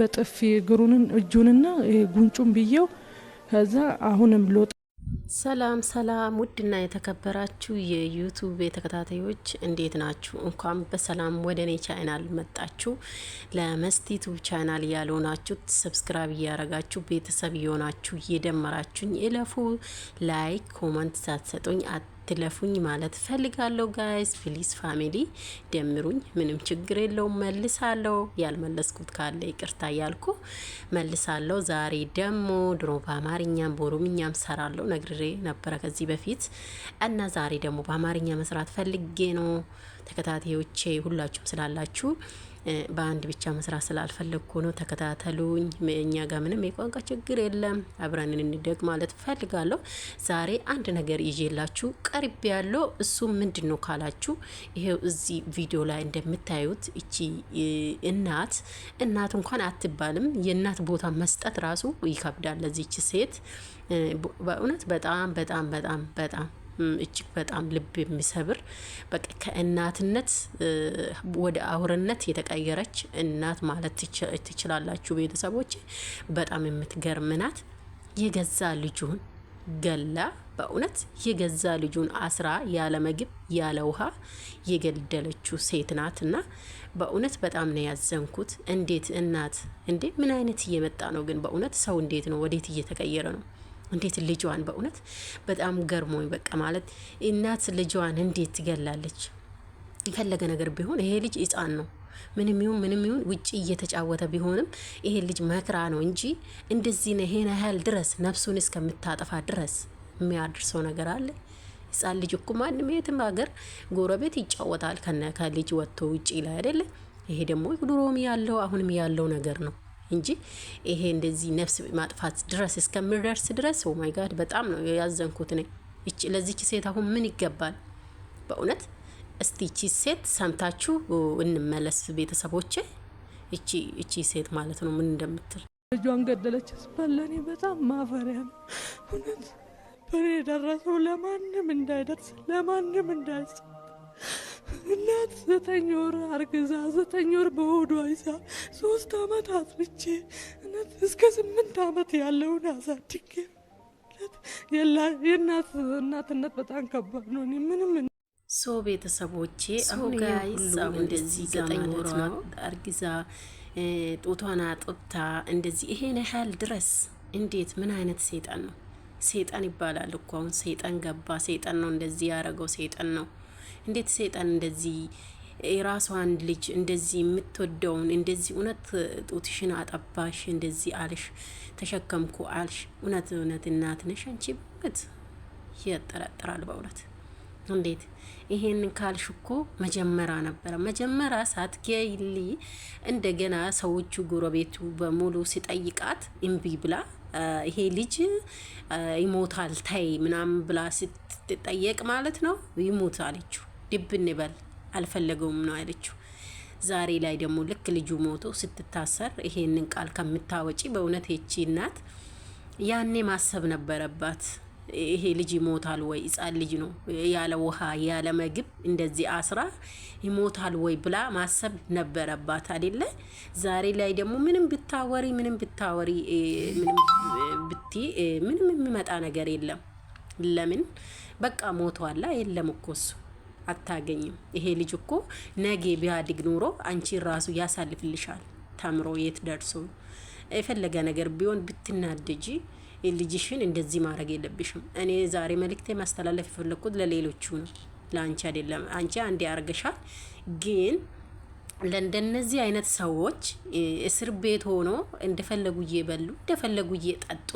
በጥፊ እግሩን እጁንና ጉንጩን ብየው ከዛ አሁንም ሎጥ ሰላም ሰላም ውድና የተከበራችሁ የዩቱብ ተከታታዮች እንዴት ናችሁ? እንኳን በሰላም ወደ እኔ ቻይናል መጣችሁ። ለመስት ቻይናል ቻናል ያልሆናችሁት ሰብስክራይብ እያረጋችሁ ቤተሰብ የሆናችሁ እየደመራችሁኝ እለፉ። ላይክ ኮመንት ሳትሰጡኝ አትለፉኝ ማለት ፈልጋለሁ ጋይስ ፕሊስ ፋሚሊ ደምሩኝ፣ ምንም ችግር የለውም መልሳለሁ። ያልመለስኩት ካለ ይቅርታ እያልኩ መልሳለሁ። ዛሬ ደግሞ ድሮ በአማርኛም በኦሮምኛም ሰራለሁ ነግሬ ነበረ ከዚህ በፊት እና ዛሬ ደግሞ በአማርኛ መስራት ፈልጌ ነው ተከታታዮቼ ሁላችሁም ስላላችሁ በአንድ ብቻ መስራት ስላልፈለግኩ ነው። ተከታተሉኝ። እኛ ጋር ምንም የቋንቋ ችግር የለም። አብረን እንደግ ማለት ፈልጋለሁ። ዛሬ አንድ ነገር ይዤላችሁ ቀርብ ያለው እሱ ምንድን ነው ካላችሁ፣ ይሄው እዚህ ቪዲዮ ላይ እንደምታዩት እቺ እናት እናት እንኳን አትባልም። የእናት ቦታ መስጠት ራሱ ይከብዳል ለዚች ሴት በእውነት በጣም በጣም በጣም በጣም እጅግ በጣም ልብ የሚሰብር በቃ ከእናትነት ወደ አውርነት የተቀየረች እናት ማለት ትችላላችሁ ቤተሰቦች። በጣም የምትገርም ናት። የገዛ ልጁን ገላ በእውነት የገዛ ልጁን አስራ ያለ ምግብ ያለ ውሃ የገደለችው ሴት ናት እና በእውነት በጣም ነው ያዘንኩት። እንዴት እናት እንዴ! ምን አይነት እየመጣ ነው ግን? በእውነት ሰው እንዴት ነው ወዴት እየተቀየረ ነው? እንዴት ልጇን በእውነት በጣም ገርሞኝ በቃ ማለት እናት ልጇን እንዴት ትገላለች? የፈለገ ነገር ቢሆን ይሄ ልጅ ህፃን ነው። ምንም ይሁን ምንም ይሁን ውጭ እየተጫወተ ቢሆንም ይሄ ልጅ መክራ ነው እንጂ እንደዚህ ነው ይሄን ያህል ድረስ ነፍሱን እስከምታጠፋ ድረስ የሚያደርሰው ነገር አለ። ሕፃን ልጅ እኮ ማንም የትም ሀገር ጎረቤት ይጫወታል ከልጅ ወጥቶ ውጭ ላይ አይደለ? ይሄ ደግሞ ድሮም ያለው አሁንም ያለው ነገር ነው። እንጂ ይሄ እንደዚህ ነፍስ ማጥፋት ድረስ እስከምደርስ ድረስ ኦማይ ጋድ በጣም ነው ያዘንኩት ነኝ። ለዚች ሴት አሁን ምን ይገባል በእውነት? እስቲ እቺ ሴት ሰምታችሁ እንመለስ ቤተሰቦቼ። እቺ ሴት ማለት ነው ምን እንደምትል ልጇን ገደለች ስባል በጣም ማፈሪያ ነው እውነት። በእኔ የደረሰው ለማንም እንዳይደርስ ለማንም እንዳይስ እናት ዘጠኝ ወር አርግዛ ዘጠኝ ወር በሆዷ ይዛ ሶስት አመት አጥብቼ እስከ ስምንት አመት ያለውን አሳድጌ የእናት እናትነት በጣም ከባድ ነው። ምንም ሶ ቤተሰቦቼ አሁን ሁሉም እንደዚህ ዘጠኝ ወሯ አርግዛ ጡቷን አጥብታ እንደዚህ ይሄን ያህል ድረስ እንዴት ምን አይነት ሰይጣን ነው? ሰይጣን ይባላል እኮ አሁን ሰይጣን ገባ። ሰይጣን ነው እንደዚህ ያደረገው። ሰይጣን ነው እንዴት ሰይጣን እንደዚህ የራሷን ልጅ እንደዚህ የምትወደውን እንደዚህ እውነት ጡትሽን አጠባሽ እንደዚህ አልሽ ተሸከምኩ አልሽ። እውነት እውነት እናት ነሽ አንቺ በት ያጠራጥራል። በእውነት እንዴት ይሄን ካልሽ እኮ መጀመሪያ ነበረ መጀመሪያ ጌይሊ እንደገና ሰዎቹ ጎረቤቱ በሙሉ ሲጠይቃት እምቢ ብላ ይሄ ልጅ ይሞታል ታይ ምናምን ብላ ስትጠየቅ ማለት ነው ይሞት አለችው። ድብን ይበል አልፈለገውም ነው ያለችው። ዛሬ ላይ ደግሞ ልክ ልጁ ሞቶ ስትታሰር ይሄንን ቃል ከምታወጪ በእውነት ሄቺ እናት ያኔ ማሰብ ነበረባት። ይሄ ልጅ ይሞታል ወይ ሕፃን ልጅ ነው ያለ ውሃ ያለ ምግብ እንደዚህ አስራ ይሞታል ወይ ብላ ማሰብ ነበረባት አይደለ? ዛሬ ላይ ደግሞ ምንም ብታወሪ ምንም ብታወሪ ምንም ብቲ ምንም የሚመጣ ነገር የለም። ለምን በቃ ሞቷላ የለም እኮ እሱ አታገኝም። ይሄ ልጅ እኮ ነገ ቢያድግ ኑሮ አንቺን ራሱ ያሳልፍልሻል። ተምሮ የት ደርሶ የፈለገ ነገር ቢሆን ብትናደጂ ልጅሽን እንደዚህ ማድረግ የለብሽም። እኔ ዛሬ መልእክቴ ማስተላለፍ የፈለግኩት ለሌሎቹ ነው፣ ለአንቺ አይደለም። አንቺ አንዴ አርገሻል። ግን ለእንደነዚህ አይነት ሰዎች እስር ቤት ሆኖ እንደፈለጉ እየበሉ እንደፈለጉ እየጠጡ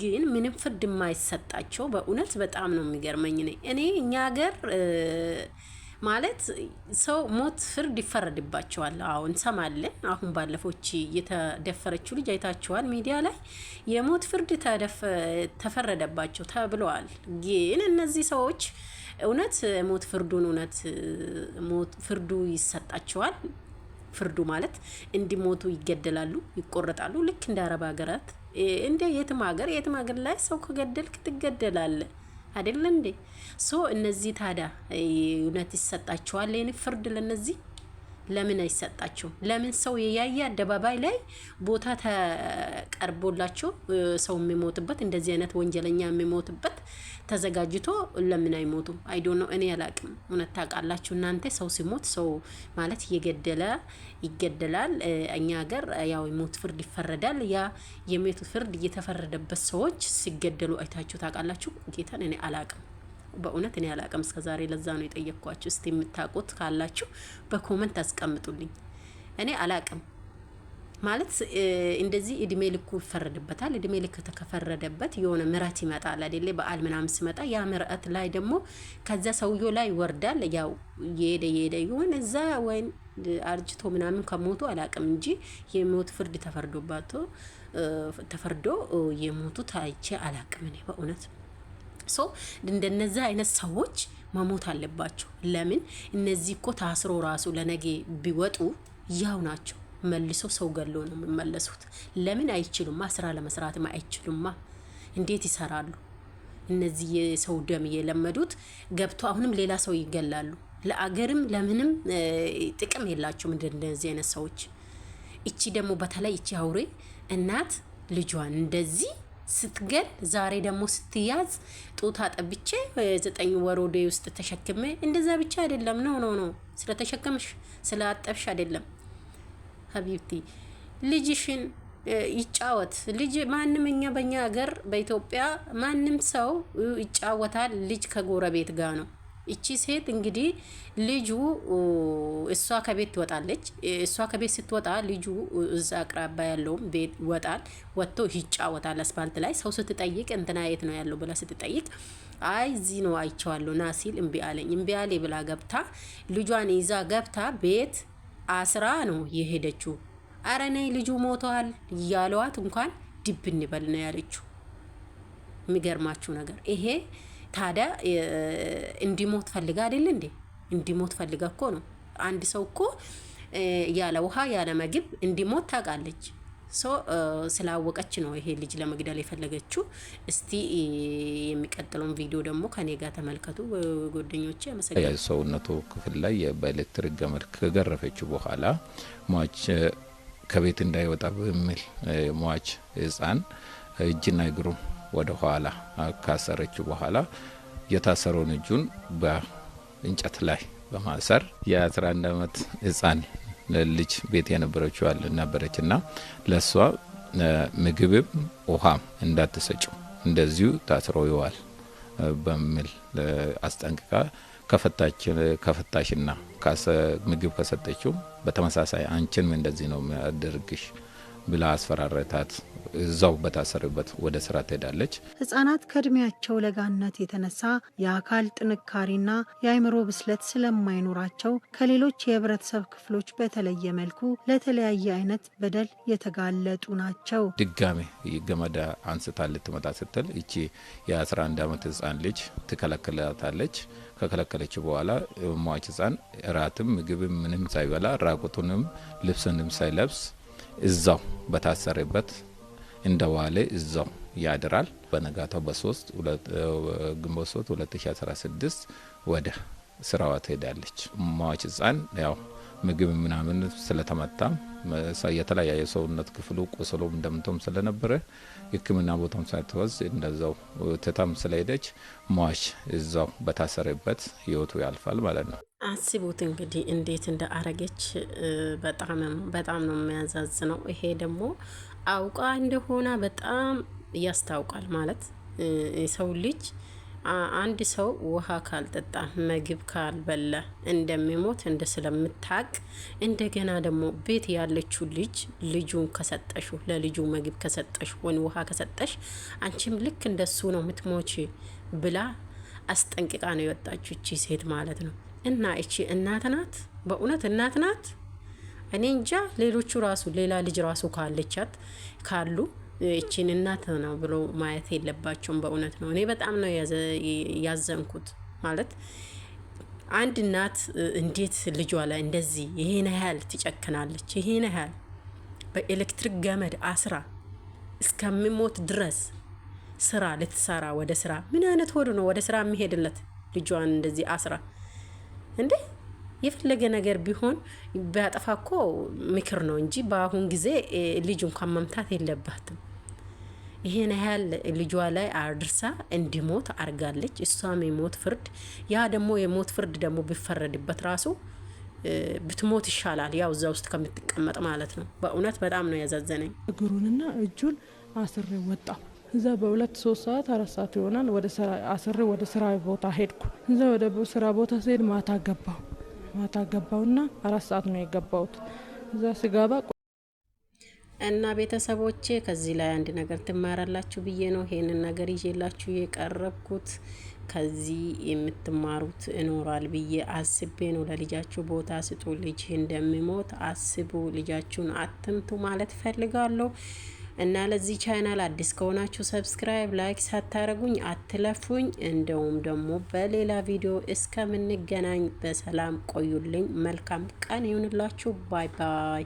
ግን ምንም ፍርድ የማይሰጣቸው በእውነት በጣም ነው የሚገርመኝ። እኔ እኛ ሀገር ማለት ሰው ሞት ፍርድ ይፈረድባቸዋል። አሁን እንሰማለን። አሁን ባለፎች የተደፈረችው ልጅ አይታችኋል ሚዲያ ላይ የሞት ፍርድ ተፈረደባቸው ተብለዋል። ግን እነዚህ ሰዎች እውነት ሞት ፍርዱን እውነት ሞት ፍርዱ ይሰጣቸዋል። ፍርዱ ማለት እንዲሞቱ ይገደላሉ፣ ይቆረጣሉ ልክ እንደ አረብ ሀገራት እንደ የትም ሀገር የትም ሀገር ላይ ሰው ከገደልክ ትገደላለህ አይደል እንዴ? ሶ እነዚህ ታዲያ እውነት ይሰጣቸዋል? ይህን ፍርድ ለነዚህ ለምን አይሰጣቸው? ለምን ሰው የያየ አደባባይ ላይ ቦታ ተቀርቦላችሁ ሰው የሚሞትበት እንደዚህ አይነት ወንጀለኛ የሚሞትበት ተዘጋጅቶ ለምን አይሞቱም? አይዶ ነው እኔ አላቅም። እውነት ታውቃላችሁ እናንተ። ሰው ሲሞት ሰው ማለት እየገደለ ይገደላል። እኛ ሀገር ያው የሞት ፍርድ ይፈረዳል። ያ የሞት ፍርድ እየተፈረደበት ሰዎች ሲገደሉ አይታችሁ ታውቃላችሁ? ጌታን እኔ አላቅም። በእውነት እኔ አላቅም እስከዛሬ። ለዛ ነው የጠየቅኳችሁ። እስቲ የምታውቁት ካላችሁ በኮመንት አስቀምጡልኝ። እኔ አላቅም ማለት እንደዚህ እድሜ ልኩ ይፈረድበታል። እድሜ ልክ ከፈረደበት የሆነ ምረት ይመጣል አደለ? በዓል ምናምን ሲመጣ ያ ምረት ላይ ደግሞ ከዛ ሰውዮ ላይ ይወርዳል። ያው የሄደ የሄደ ይሆን እዛ ወይም አርጅቶ ምናምን ከሞቱ አላቅም እንጂ የሞት ፍርድ ተፈርዶባቶ ተፈርዶ የሞቱ ታይቼ አላቅም እኔ በእውነት ሰው እንደነዚህ አይነት ሰዎች መሞት አለባቸው። ለምን እነዚህ እኮ ታስሮ ራሱ ለነገ ቢወጡ ያው ናቸው። መልሶ ሰው ገሎ ነው የሚመለሱት። ለምን አይችሉማ፣ ስራ ለመስራትም አይችሉማ። እንዴት ይሰራሉ? እነዚህ የሰው ደም የለመዱት ገብቶ አሁንም ሌላ ሰው ይገላሉ። ለአገርም ለምንም ጥቅም የላቸውም እንደነዚህ አይነት ሰዎች። እቺ ደግሞ በተለይ እቺ አውሬ እናት ልጇን እንደዚህ ስትገል ዛሬ ደግሞ ስትያዝ ጡት አጠብቼ ዘጠኝ ወር ወደ ውስጥ ተሸክሜ እንደዛ ብቻ አይደለም። ነው ነው ነው ስለተሸከምሽ ስለአጠብሽ አይደለም ሀቢብቲ ልጅሽን ይጫወት ልጅ ማንም እኛ በእኛ ሀገር በኢትዮጵያ ማንም ሰው ይጫወታል። ልጅ ከጎረቤት ጋር ነው እቺ ሴት እንግዲህ ልጁ እሷ ከቤት ትወጣለች። እሷ ከቤት ስትወጣ ልጁ እዛ አቅራባ ያለውም ቤት ወጣል። ወጥቶ ይጫወታል አስፋልት ላይ ሰው ስትጠይቅ እንትና የት ነው ያለው ብላ ስትጠይቅ አይ እዚህ ነው አይቼዋለሁ ና ሲል እምቢ አለኝ እምቢ አለ ብላ ገብታ ልጇን ይዛ ገብታ ቤት አስራ ነው የሄደችው። አረ ነይ ልጁ ሞተዋል እያለዋት እንኳን ድብ እንበል ነው ያለችው። የሚገርማችሁ ነገር ይሄ ታዲያ እንዲሞት ፈልጋ አይደል እንዴ? እንዲሞት ፈልጋ እኮ ነው። አንድ ሰው እኮ ያለ ውሃ ያለ ምግብ እንዲሞት ታውቃለች። ስላወቀች ነው ይሄ ልጅ ለመግደል የፈለገችው። እስቲ የሚቀጥለውን ቪዲዮ ደግሞ ከኔ ጋር ተመልከቱ ጓደኞቼ። አመሰግናለሁ። ሰውነቱ ክፍል ላይ በኤሌክትሪክ ገመድ ከገረፈችው በኋላ ሟች ከቤት እንዳይወጣ በሚል ሟች ህፃን እጅና እግሩ ወደ ኋላ ካሰረችው በኋላ የታሰረውን እጁን በእንጨት ላይ በማሰር የ11 ዓመት ህፃን ልጅ ቤት የነበረችው ነበረችና ለእሷ ምግብም ውሃም እንዳትሰጩ እንደዚሁ ታስሮ ይዋል በሚል አስጠንቅቃ ከፈታሽና ምግብ ከሰጠችው በተመሳሳይ አንቺንም እንደዚህ ነው የሚያደርግሽ ብላ አስፈራረታት። እዛው በታሰርበት ወደ ስራ ትሄዳለች። ህጻናት ከእድሜያቸው ለጋነት የተነሳ የአካል ጥንካሬና የአእምሮ ብስለት ስለማይኖራቸው ከሌሎች የህብረተሰብ ክፍሎች በተለየ መልኩ ለተለያየ አይነት በደል የተጋለጡ ናቸው። ድጋሜ ገመዳ አንስታ ልትመጣ ስትል እቺ የ11 ዓመት ህጻን ልጅ ትከለክላታለች። ከከለከለች በኋላ ሟች ህጻን እራትም ምግብም ምንም ሳይበላ ራቁቱንም ልብስንም ሳይለብስ እዛው በታሰረበት እንደዋለ እዛው ያድራል። በነጋታው በሶስት ግንቦት ሶስት 2016 ወደ ስራዋ ትሄዳለች። ማዋች ህጻን ያው ምግብ ምናምን ስለተመታ የተለያየ ሰውነት ክፍሉ ቁስሎ ደምቶም ስለነበረ ህክምና ቦታም ሳትወዝ እንደዛው ትታም ስለሄደች ሟች እዛው በታሰረበት ህይወቱ ያልፋል ማለት ነው። አስቡት እንግዲህ እንዴት እንደ አረገች በጣም በጣም ነው ይሄ ደግሞ አውቃ እንደሆነ በጣም ያስታውቃል ማለት የሰው ልጅ አንድ ሰው ውሃ ካልጠጣ ምግብ ካልበለ እንደሚሞት እንደ ስለምታቅ እንደገና ደግሞ ቤት ያለችው ልጅ ልጁን ከሰጠሹ ለልጁ ምግብ ከሰጠሽ ወይ ውሃ ከሰጠሽ አንቺም ልክ እንደሱ ነው ምትሞች ብላ አስጠንቅቃ ነው የወጣችው እቺ ሴት ማለት ነው። እና እቺ እናት ናት፣ በእውነት እናት ናት። እኔ እንጃ ሌሎቹ ራሱ ሌላ ልጅ ራሱ ካለቻት ካሉ ይቺን እናት ነው ብሎ ማየት የለባቸውም። በእውነት ነው። እኔ በጣም ነው ያዘንኩት ማለት አንድ እናት እንዴት ልጇ ላይ እንደዚህ ይሄን ያህል ትጨክናለች? ይሄን ያህል በኤሌክትሪክ ገመድ አስራ እስከሚሞት ድረስ ስራ ልትሰራ ወደ ስራ ምን አይነት ሆዱ ነው ወደ ስራ የሚሄድለት? ልጇን እንደዚህ አስራ እንዴ! የፈለገ ነገር ቢሆን ቢያጠፋ እኮ ምክር ነው እንጂ በአሁን ጊዜ ልጅ እንኳን መምታት የለባትም። ይህን ያህል ልጇ ላይ አድርሳ እንዲሞት አርጋለች። እሷም የሞት ፍርድ ያ ደግሞ የሞት ፍርድ ደግሞ ቢፈረድበት ራሱ ብትሞት ይሻላል፣ ያው እዛ ውስጥ ከምትቀመጥ ማለት ነው። በእውነት በጣም ነው ያዛዘነኝ። እግሩንና እጁን አስሬ ወጣ እዛ በሁለት ሶስት ሰዓት አራት ሰዓት ይሆናል። አስሪ አስሬ ወደ ስራ ቦታ ሄድኩ። እዛ ወደ ስራ ቦታ ስሄድ ማታ ገባው ማታ ገባውና አራት ሰዓት ነው የገባሁት። እዛ ስገባ እና ቤተሰቦቼ ከዚህ ላይ አንድ ነገር ትማራላችሁ ብዬ ነው ይሄንን ነገር ይዤላችሁ የቀረብኩት። ከዚህ የምትማሩት እኖራል ብዬ አስቤ ነው። ለልጃችሁ ቦታ ስጡ። ልጅ እንደሚሞት አስቡ። ልጃችሁን አትምቱ ማለት ፈልጋለሁ። እና ለዚህ ቻናል አዲስ ከሆናችሁ ሰብስክራይብ፣ ላይክ ሳታረጉኝ አትለፉኝ። እንደውም ደግሞ በሌላ ቪዲዮ እስከምንገናኝ በሰላም ቆዩልኝ። መልካም ቀን ይሁንላችሁ። ባይ ባይ።